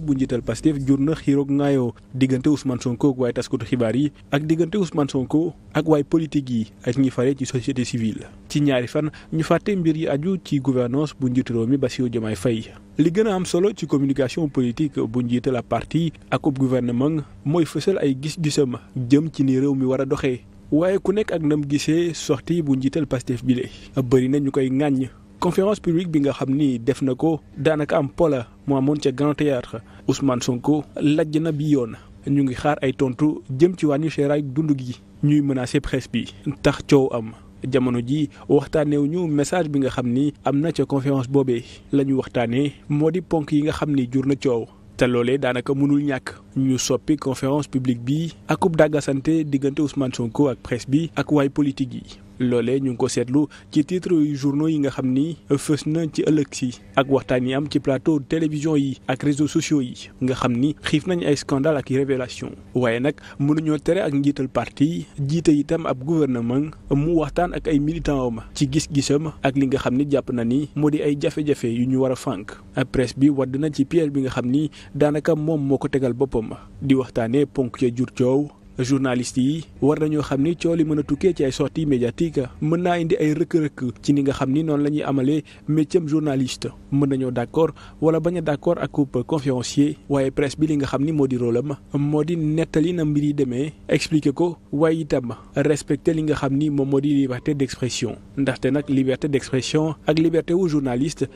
bu njiital Pastef jur na xiroog ngaayoo diggante Ousmane Sonko ak waaye taskatu xibaar yi ak diggante Ousmane Sonko ak waaye politique yi ak ñi fare ci société civile ci ñaari fan ñu fàtte mbir yi aju ci gouvernance bu njiitu mi Bassirou Diomaye Faye li gën a am solo ci communication politique bu njiital la parti ak ab gouvernement mooy fësal ay gis-gisam jëm ci ni réew mi war a doxee waaye ku nekk ak nam gisee sorti bu njiital Pastef bile bëri na ñu koy ŋàññ conférence publique bi nga xam ni def na ko daanaka am pola mu amoon ca Grand Théâtre Ousmane Sonko lajj na bi yoon ñu ngi xaar ay tontu jëm ci wàññi seeraay dund gi ñuy menacer presse bi tax coow am. jamono ji waxtaanewu ñu message bi nga xam ni am na ca conférence boobee la waxtaanee moo di ponk yi nga xam ni jur na coow te loolee daanaka mënul ñàkk ñu soppi conférence publique bi aku dàggasante diggante Ousmane Sonko ak presse bi ak waay politique yi. loole ñu ngi ko seetlu ci titre yu journaux yi nga xam ni fës na ci ëllëg si ak waxtaan yi am ci plateau télévision yi ak réseaux sociaux yi nga xam ni xiif nañ ay scandale ak révélation waaye nag mënuñoo tere ak njiital parti jiite itam ab gouvernement mu waxtaan ak ay militant am ci gis-gisam ak li nga xam ni jàpp na ni moo di ay jafe-jafe yu ñu war a fànk presse bi wadd na ci piège bi nga xam ni daanaka moom moo ko tegal boppam di waxtaanee ponk ya jur coow journaliste yi war nañoo xam ni coow li mën a tukkee ci ay sorties médiatiques mën naa indi ay rëkk-rëkk ci ni nga xam ni noonu la ñuy amalee métier journaliste mën nañoo d'accord wala bañ a d'accord ak couple conférencier waaye presse bi li nga xam ni moo di rôlam moo di nettali na mbir yi demee expliquer ko waaye itam respecter li nga xam ni moom moo di liberté d'expression ndaxte nag liberté d'expression ak liberté wu journaliste